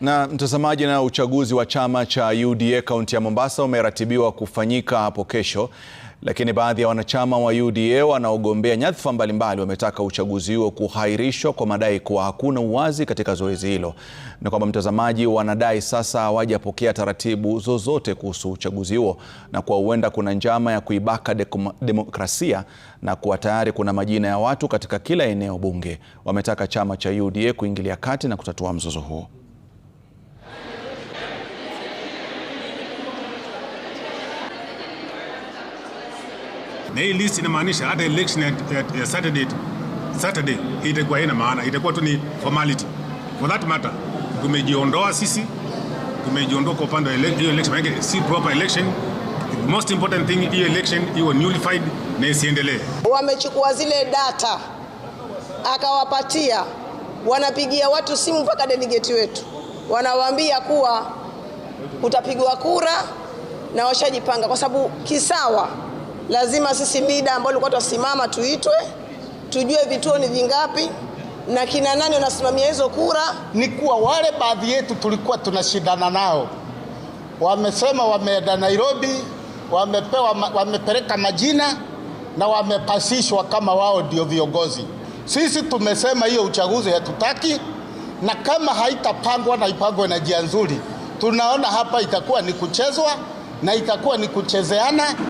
Na mtazamaji, na uchaguzi wa chama cha UDA kaunti ya Mombasa umeratibiwa kufanyika hapo kesho, lakini baadhi ya wanachama wa UDA wanaogombea nyadhifa mbalimbali wametaka uchaguzi huo kuhairishwa kwa madai kuwa hakuna uwazi katika zoezi hilo, na kwamba mtazamaji, wanadai sasa hawajapokea taratibu zozote kuhusu uchaguzi huo na kwa huenda kuna njama ya kuibaka demokrasia na kuwa tayari kuna majina ya watu katika kila eneo bunge. Wametaka chama cha UDA kuingilia kati na kutatua mzozo huo. na hii list inamaanisha hata election ya Saturday Saturday itakuwa ina maana, itakuwa tu ni formality. For that matter, tumejiondoa sisi, tumejiondoa kwa upande wa hiyo election, maana si proper election. The most important thing, hiyo election iwe nullified na isiendelee. Wamechukua zile data akawapatia, wanapigia watu simu mpaka delegate wetu, wanawaambia kuwa utapigwa kura na washajipanga, kwa sababu kisawa lazima sisi mida ambao tulikuwa tusimama tuitwe, tujue vituo ni vingapi na kina nani wanasimamia hizo kura. Ni kuwa wale baadhi yetu tulikuwa tunashindana nao, wamesema wameenda Nairobi, wamepewa, wamepeleka majina na wamepasishwa kama wao ndio viongozi. Sisi tumesema hiyo uchaguzi hatutaki, na kama haitapangwa na ipangwe na njia nzuri, tunaona hapa itakuwa ni kuchezwa na itakuwa ni kuchezeana.